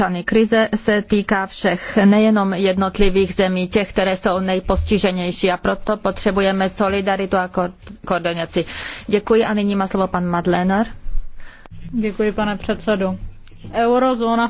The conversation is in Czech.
Pany krize se týká všech, nejenom jednotlivých zemí, těch, které jsou nejpostiženější a proto potřebujeme solidaritu a koordinaci. Děkuji a nyní má slovo pan Madlenar. Děkuji, pane předsedo. Eurozóna